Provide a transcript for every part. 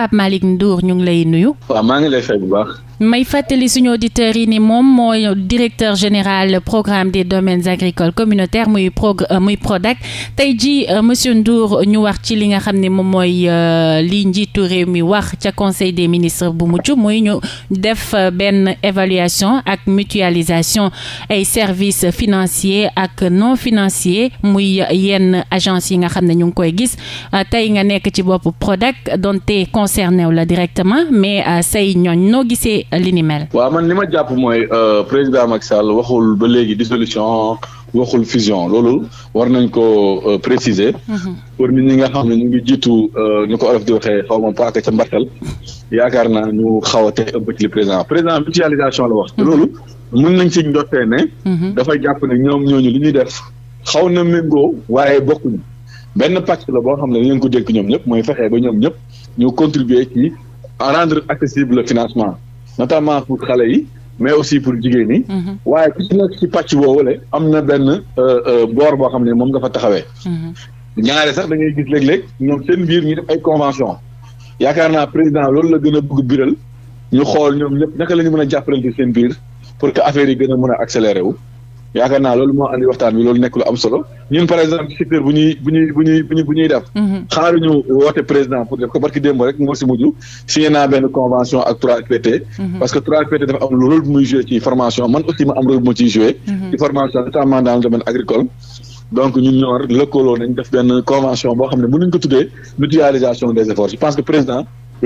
Pape Malick Ndour ñu ngi lay nuyu. waaw maa ngi lay fay bu baax. may fàttali suñu auditeurs yi ni moom mooy directeur général programme des domaines agricoles communautaires muy prog euh, muy PRODAC tey jii euh, monsieur Ndour ñu wax ci li nga xam ne moom mooy euh, li njiitu réew mi wax ca conseil des ministres bu mucc muy ñu def benn évaluation ak mutualisation ay services financier ak non financier muy yenn agence yi nga xam ne ñu ngi koy gis tey nga nekk ci boppu PRODAC donte concerné wu la directement mais say ñooñ noo gisee ci ni mel. waaw man li ma jàpp mooy euh, président Macky Sall waxul ba léegi dissolution waxul fusion loolu war nañ ko euh, préciser. Mhm. pour nit ñi nga xam ne ñu ngi jiitu ñu euh, ko olof di waxe xaw ma paaka ca mbartal yaakaar naa ñu xaw a te ëpp ci li président président mutualisation la wax. Mhm. loolu mën nañ ci ndottee ne. Mhm. dafay jàpp ne ñoom ñooñu ñuy def xaw na méngoo waaye bokkuñu. benn pàcc la boo xam ne dañu ko dénk ñoom ñëpp mooy fexe ba ñoom ñëpp ñu contribuer ci rendre accessible financement notamment pour xale yi mais aussi pour jigéen ñi. Mhm. waaye ku ci nekk ci le am na benn euh, euh, boor boo xam ne moom nga fa taxawee. Mhm. ñaare sax da ngay gis léeg-léeg ñoom seen biir ñu def ay convention yaakaar naa président loolu la gën a bëgg biral ñu xool ñoom ñëpp naka la ñu mën a jàppalante seen biir pour que affaire yi gën a mën a accéléré wu. yaakaar naa loolu moo andi waxtaan bi loolu nekk lu am solo ñun par exemple secteur bu ñuy bu ñuy bu ñuy bu ñuy def. Mm-hmm. président pour def ko barki démb rek moo si mujj signé naa benn convention ak 3PT. Mm-hmm. parce que 3PT dafa am rôle bu muy joué ci formation man aussi ma am rôle bu ma ciy mm-hmm. ci formation notamment dans le domaine agricole. donc ñun ñoo lëkkaloo nañ def benn convention boo xam ne mënuñ ko tuddee mutualisation des efforts je pense que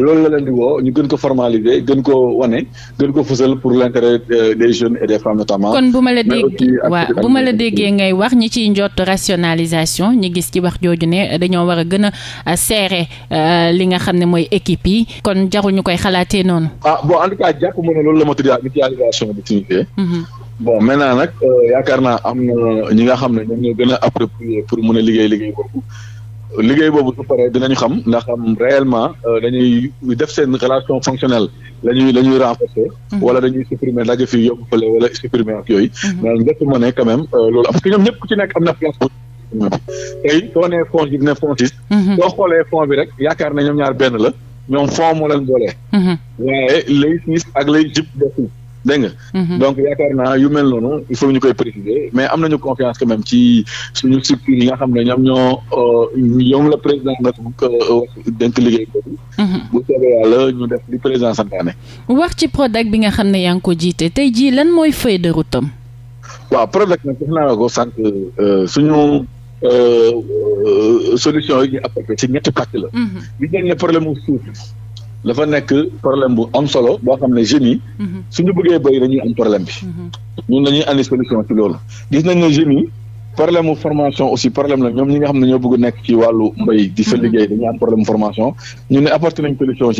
loolu la leen di woo ñu gën ko formaliser gën ko wane gën ko fësal pour l'intérêt euh, des jeunes et des femmes notamment kon bu ma la déggee waaw bu ma la déggee ngay wax ñi ciy njott rationalisation ñi gis ci wax jooju ne dañoo war a gën a euh, serrer euh, li nga xam ne mooy équipe yi kon jarul ñu koy xalaatee noonu ah bon en tout cas jàpp mu ne loolu la mutualisation bi signifié mm-hmm. bon maintenant nag yaakaar naa am na ñi nga xam ne ñoom ñoo gën a approprié pour mën a liggéey liggéey boobu liggéey boobu su paree dinañu xam ndax xam réellement euh, dañuy def seen relation fonctionnelle la ñuy la ñuy renforcer. Mhm. wala dañuy supprimer dagg fii yóbbu fële wala supprimer ak yooyu. mais njëkk ma ne quand même euh, loolu am ki ñoom ñëpp ku ci nekk am na place bi soo nee fonds yi mhm. soo xoolee fond bi rek yaakaar ne ñoom ñaar benn la ñoom fond moo leen boole. Mhm. waaye lay siis ak lay jib dégg nga. Mhm. donc yaakaar naa yu mel noonu il faut ñu koy préciser mais am nañu confiance quand ci suñu structure yi nga xam ne ñoom ñoo euh, ñoom la président nag wax dénk liggéey boobu. Mhm. bu soobee yàlla ñu def li président santaane. wax ci Prodac bi nga xam ne yaa ngi ko jiite tey jii lan mooy feuille de route am. waaw Prodac nag def naa la ko sànq euh, suñu. Euh, solution yi ñu ci ñetti pàcc la. li mhm. ñu ne problème mu dafa nekk problème bu am solo boo xam ne jeunes yi. Mhm. suñu bëggee béy dañuy am problème bi. Mhm. ñun dañuy andi solution ci loolu. gis nañ ne jeunes problème mu formation aussi problème la ñoom ñi nga xam ne ñoo bëgg nekk ci wàllu mbéy di fa mhm. liggéey dañuy am problème formation ñu ne apporté nañ solution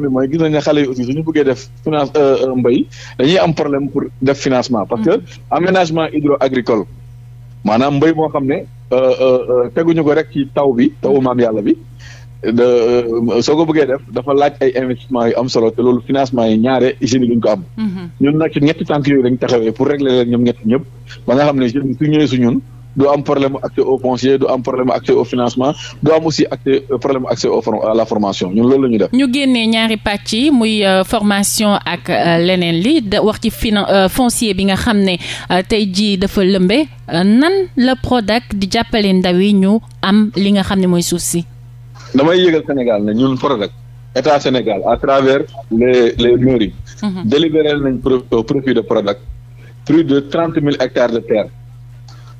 bi mooy gis nañ ne xale yi aussi suñu bëggee def euh, euh, pour def financement. parce que aménagement hydro agricole maanaam mbay moo xam ne euh, teguñu ko rek ci taw bi tawu maam yàlla bi. Euh, soo ko bëggee def dafa laaj ay investissement yu am solo te loolu financement yi ñaare jeunes yi duñ ko am. Mhm. ñun nag ci ñetti tànk yooyu dañ taxawee pour régler leen ñoom ñetti ñëpp ba nga xam ne jeunes su ñëwee su ñun du am problème accès au foncier du am problème accès au financement du am aussi accès euh, problème accès au à loolu ñu def. ñu génnee ñaari pàcc yi muy euh, formation ak leneen li da wax ci finan foncier bi nga xam ne tey jii dafa lëmbe nan la Prodac di jàppale ndaw yi ñu am li nga xam ne mooy suuf si. damay yëgal Sénégal ne ñun Prodac état Sénégal à travers les les mairies. Mhm. délibéré nañ au euh, profit de Prodac plus de trente mille hectare de terre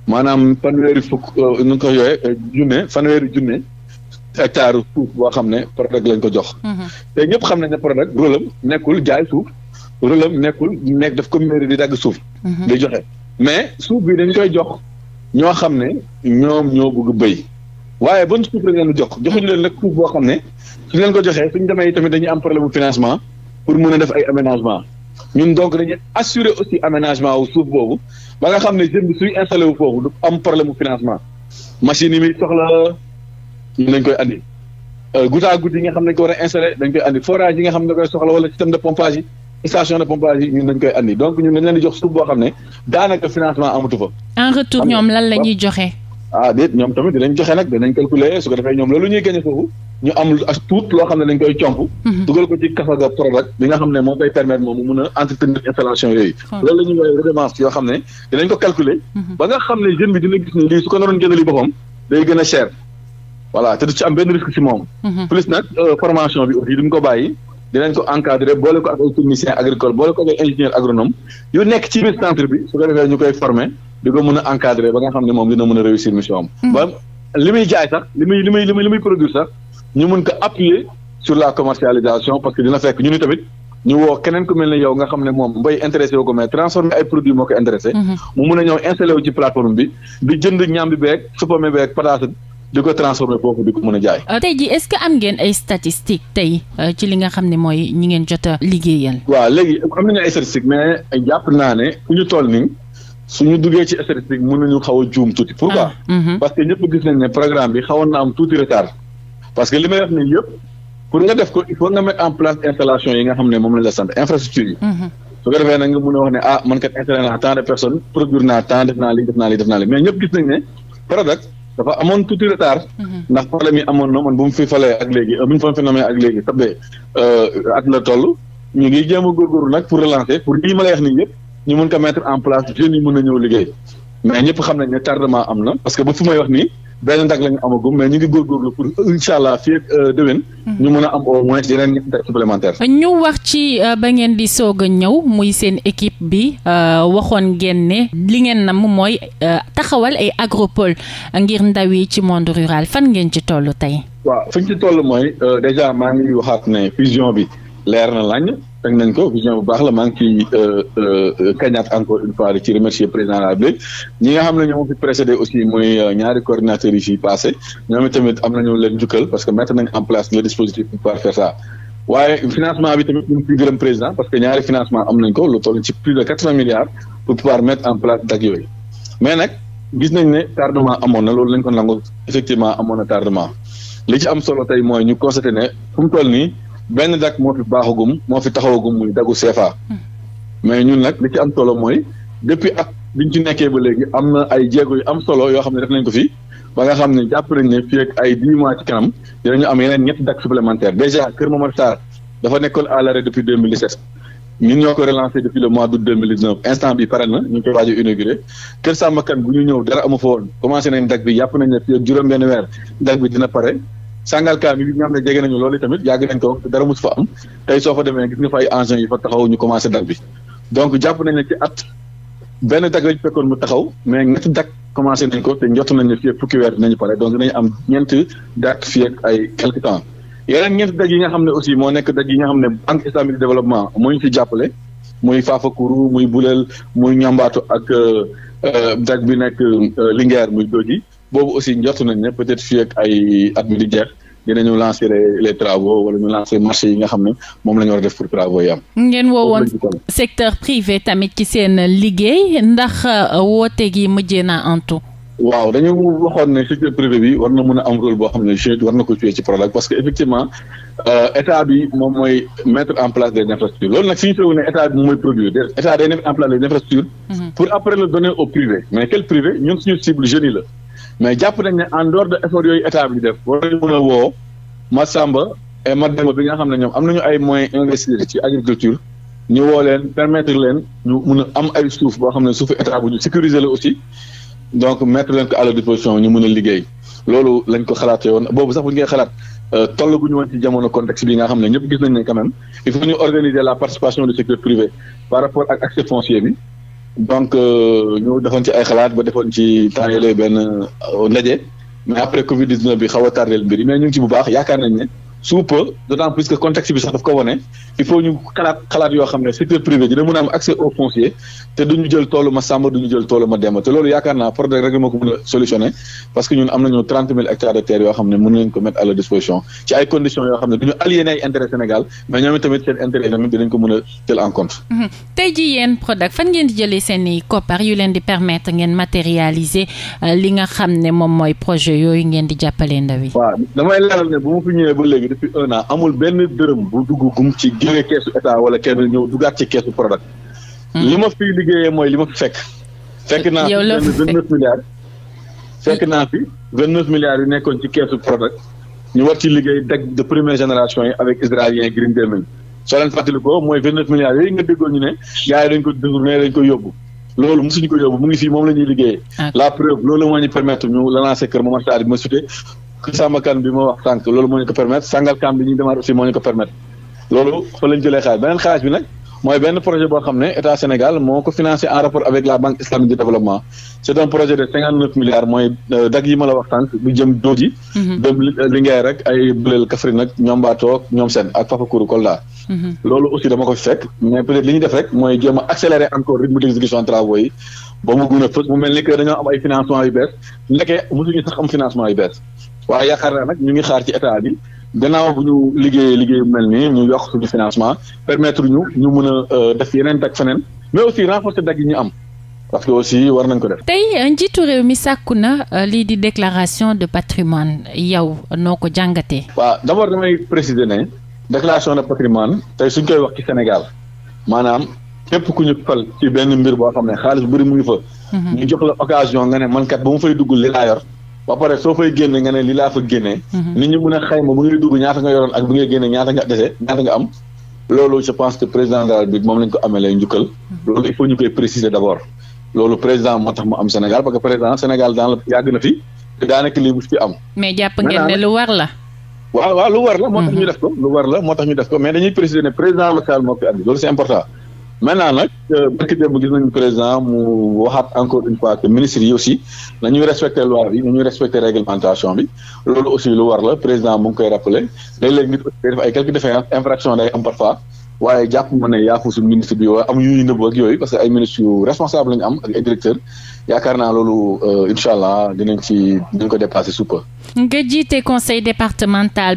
maanaam fanweeri fukk euh, nu nga ko yooyee euh, junne fanweeri junne hectare suuf boo xam ne Prodac lañ ko jox. Mhm. te ñëpp xam nañ ne Prodac nekkul jaay suuf rôle am nekkul nekk def ko mairie di dagg suuf. Mhm. di joxe mais suuf bi dañ koy jox ñoo xam ne ñoom ñoo bëgg béy. waaye ban suuf lañ leen jox joxuñu leen nag suuf boo xam ne suñ leen ko joxee suñ demee tamit dañuy am problème bu financement pour mën a def ay aménagement ñun donc dañuy assurer aussi wu suuf boobu ba nga xam ne jëm wu foofu du am problème bu financement machine yi muy soxla ñu dañ koy andi euh, goutte à goutte yi ko war a yi nga xam ne koy soxla wala système de pompage yi station de pompage yi ñun dañ koy andi donc dañ leen di jox suuf boo xam ne daanaka financement amatu fa. en retour ñoom lan la joxe. ah déet ñoom tamit dinañ joxe nag dinañ calculer su ko defee ñoom loolu ñuy gagné foofu ñu am as tuut loo xam ne dañ koy comp mhm. dugal ko ci kafaga Prodac bi nga xam ne moo koy permettre moom mu mun a entretenir installation yooyu loolu la ñuy woowee redevance yoo xam ne dinañ ko calculer mhm. ba nga xam ne jeune bi dina gis ne su ko naroon génne li boppam day gën a cher voilà te du ci am benn risque ci moom mhm. plus nag euh, formation bi aussi duñ ko bàyyi dinañ ko encadrer boole ko ak ay technicien agricole boole ko ak ay ingénieur agronome yu nekk ci biir centre bi su ko defee ñu koy former di ko mën a encadrer ba nga xam ne moom dina mën a réussir mission am. Mm. ba li muy jaay sax li muy li muy li muy produire sax ñu mën ko appuyer sur la commercialisation parce que dina fekk ñu ni tamit. ñu woo keneen ku mel ne yow nga xam ne moom mbay intéressé wu ko mais transformer ay produits moo ko intéressé. Mm-hmm. mu mun a ñëw installé bi di ko transformer foofu di ko mën a jaay. Euh, tey jii est que am ngeen ay statistiques tey euh, ci li nga xam ne mooy ñi ngeen jot a liggéeyal. waaw léegi am nañu ay statistiques mais jàpp naa ne fu ñu toll nii suñu duggee ci statistique mën nañu xaw a juum tuuti. pourquoi ah, mhm. parce que ñëpp gis nañ ne programme bi xawoon na am tuuti retard parce que li may wax yëpp pour nga def ko il faut nga mettre en place installation yi nga xam ne moom lañ la sant infrastructure yi. Mhm. a dafa amoon tuuti retard. Mhm. ndax problème yi amoon no man bu mu fi falee ak léegi euh, bu ñu fa fi namee ak léegi tabe euh, at la toll ñu ngi jéem a nag pour relancer pour lii ma lay wax nii yëpp ñu mën ko mettre en place jeunes yi mën na ñëw liggéey mais ñëpp xam nañ ne tardement am na parce que ba fi may wax nii. benn ndag la ñu amagum mais ñu ngi góorgóorlu pour incha allah fii ak euh, déwén. Hmm. ñu mën a am au moins yeneen ñetti supplémentaire ñu wax ci euh, ba ngeen di soog a ñëw muy seen équipe bi euh, waxoon ngeen ne li ngeen nam mooy taxawal ay agropole ngir ndaw yi ci monde rural fan ngeen ci toll tey. waaw fi ñu ci toll mooy déjà maa ngi waxaat ne fusion bi. leer na lañ teg nañ ko vision bu baax la maa ngi ciy euh, euh, euh, kañaat encore une fois ci remercier président la République ñi nga xam ne ñoo fi précédé aussi mooy ñaari coordinateurs yi fi passé ñoom tamit am na nañu leen jukkal parce que mettre nañ en place le dispositif pour pouvoir faire ça waaye financement bi tamit ñu gërëm président parce que ñaari financement am nañ ko lu toll ci plus de quatre vingt milliards pour pouvoir mettre en place dak yooyu mais nag gis nañ ne tardement amoon na loolu lañ ko nangu effectivement amoon na tardement li ci am solo tey mooy ñu constaté ne fu mu nii benn dag moo fi baaxagum moo fi taxawagum muy dagu CFA. mais ñun nag li ci am solo mooy depuis at biñ ci nekkee ba léegi am na ay jéego yu am solo yoo xam ne def nañ ko fi ba nga xam ne jàpp nañ ne fii ak ay dix mois ci kanam dinañu am yeneen ñetti dag supplémentaire déjà Kër Momar Sarr dafa ñoo ko relancé depuis le mois d'août 2019 instant bi pare na ñu ngi koy waaj a inauguré Kër ñu ñëw dara amu fa commencé nañ dag bi jàpp nañ ne fii ak juróom-benn weer dag bi dina pare. sàngal Sangalkam bi nga xam ne jege nañu loolu tamit yàgg nañ ko dara mus fa am tey soo fa demee gis nga fa ay engins yi fa taxaw ñu commencé dal bi donc jàpp nañ ne ci at benn dag lañ fekkoon mu taxaw mais ñetti commencé nañ ko te njott nañ ne fii fukki weer dinañu pare donc dinañ am ñeent date fii ay quelque temps yeneen ñeent dag yi nga xam ne aussi moo nekk dag yi nga xam ne banque islamique de développement moo ñu ci jàppale muy Fafakuru muy Buleel muy ñambaatu ak euh, euh, dag bi nekk euh, Linguère muy Dodji boobu aussi njortu nañ ne peut-être fii ak ay at mi di jeex travaux wala ñu lancer marché yi nga xam ne moom la ñu war a def travaux yi ngeen woowoon secteur privé tamit ci seen liggéey ndax euh, woote gi mujjee naa a am rôle boo xam ne euh, mooy mettre en place des infrastructures loolu nag suñu feewu ne état bi moom mooy état day en place des infrastructures mhm. pour après le donner au privé mais quel privé ñun suñu cible jeunes yi la mais jàpp nañ ne en dehors de effort yooyu état bi def war nañu mën a woo Massamba et Mademba bi nga xam ne ñoom am nañu ay moyens investir ci agriculture ñu woo leen permettre leen ñu mun a am ay suuf boo xam ne suufu état bu ñu sécuriser la aussi donc mettre leen ko à la disposition ñu mun a liggéey loolu lañ ko xalaatee woon boobu sax bu ñu xalaat euh, toll bu ñu woon ci jamono contexte bi nga xam ne ñëpp gis nañ ne quand il faut ñu organiser la participation du secteur privé par rapport ak donc euh, ñu defoon ci ay xalaat ba defoon ci temps yële benn euh, ndaje mais après Covid 19 bi xaw a tardé mbir yi mais ñu ngi ci bu baax yaakaar nañ ne. sous peu d'autant plus que bi sax daf ko wone il faut ñu xalaat yoo xam ne secteur privé dina mën a am accès au foncier te duñu jël toolu ma sàmba duñu jël toolu ma demba te loolu yaakaar naa projet rek ko mën a solutionné parce que ñun am nañu trente mille hectares de terre yoo xam ne mën nañ ko mettre à la disposition ci ay conditions yoo xam ne duñu aliéné ay intérêt Sénégal mais ñoom tamit seen intérêt yi dinañ ko mën a jël en depuis amul benn dërëm bu dugg gum ci génne keesu état wala kenn ñëw duggaat ci keesu Prodac. Hmm. li ma fi liggéeyee mooy li ma fi fekk. fekk naa fi vingt neuf milliards. fekk hmm. naa fi vingt neuf milliards yu nekkoon ci keesu Prodac ñu war ci liggéey de première génération yi avec israélien Green Demin soo leen fàttalikoo mooy vingt neuf milliards yooyu nga déggoon ñu ne gars yi dañ ko détourné dañ ko yóbbu. loolu mosuñu ko yóbbu mu ngi fii moom la ñuy liggéeyee. Ah. la preuve loolu moo ñu permettre ñu sàmmkan projet de développement c' neuf milliards mooy euh, dag yi ma wax tànk bu jëm dóor yi. Mhm. Euh, rek ay Bulel Kaffrine nag ñoom ak Fafakuru Kolda. Mhm. loolu aussi dama ko fekk mais peut être def rek mooy jéem a accélérer encore rythme d' exécution travaux yi. ba mu gën a mu mel ni que dañoo am ay financement yu bees nekkee mosuñu sax am financement yu bees waaye yaakaar naa nag ñu ngi xaar ci état bi gannaaw bu ñu liggéeyee liggéey bu mel nii ñu yokk suñu financement permettre ñu ñu mën a euh, def yeneen dag feneen mais aussi renforcer dagg yi ñu am parce aussi war nañ ko def. tey euh, njiitu réew mi sàkku na euh, lii di déclaration de patrimoine yow noo ko jàngatee. waa d' abord damay préciser ne déclaration de patrimoine tey suñ koy wax ci Sénégal maanaam képp ku ñu fal ci benn mbir boo xam ne xaalis bu bëri mu ngi fa. Mhm. ñu jox la occasion nga dugg li laa yor. ba pare soo koy génne nga ne li laa fa génne. Mhm. nit ñi mën a xayma bu ngay dugg ñaata nga yoroon ak bu ngay génne ñaata nga dese ñaata nga am. loolu je pense que président de la moom lañ ko amee lay njukkal. Mhm. loolu il ñu koy préciser d' loolu président moo tax mu am Sénégal parce que président Sénégal daan la yàgg na fi te daanaka lii bu fi am. mais jàpp ngeen ne lu war la. waaw lu war la moo tax ñu mhm. def ko. lu war la moo tax ñu def ko mais dañuy préciser ne président local moo koy maintenant nag euh, bëkk démb gis nañu président mu waxaat encore une fois que ministres yi aussi nañuy respecter loi bi ñuy respecter réglementation bi loolu aussi lu war la président mu ngi koy rappeler léeg-léeg nit aussi day def ay quelques défaillances infraction day am parfois waaye jàpp ma ne yaafu suñu ministre bi waa am yuy nëbb ak yooyu parce que ay ministres yu responsable la ñu am ak ay directeur yaakaar naa loolu euh, incha allah ko dépassé sous peu. nga jiite conseil départemental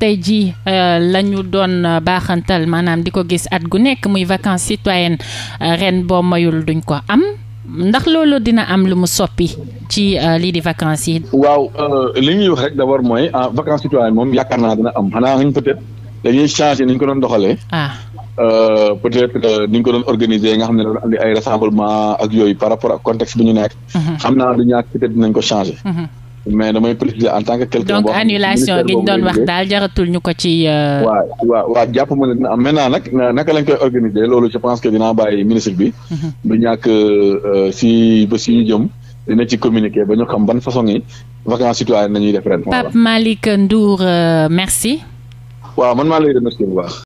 tey jii euh, la ñu doon baaxantal maanaam di ko gis at gu nekk muy vacances citoyennes euh, ren boo mayul duñ ko am. ndax loolu dina am lu mu soppi ci lii di vacances yi. waaw li ñuy wax rek d'abord mooy ah, vacances citoyennes moom yaakaar naa dina am xanaa peut-être. dañuy changer ni ñu ko doon doxalee. Ah. Euh, peut-être euh, ni ñu ko doon organiser nga xam ne doon andi ay rassemblement ak yooyu par rapport ak contexte bi ñu nekk. Mhm. xam naa du ñàkk ko changer. Mhm. mais ko ci. Euh, jàpp ma ne dina am naka lañ koy organiser loolu je pense que dinaa bàyyi ministre bi. Mhm. du ñàkk euh, si ba si ñu jëm. dina ci communiquer ba ñu xam ban façon yi vacances citoyennes nañuy def ren. Pape Malick merci. waaw man maa lay remercier bu baax.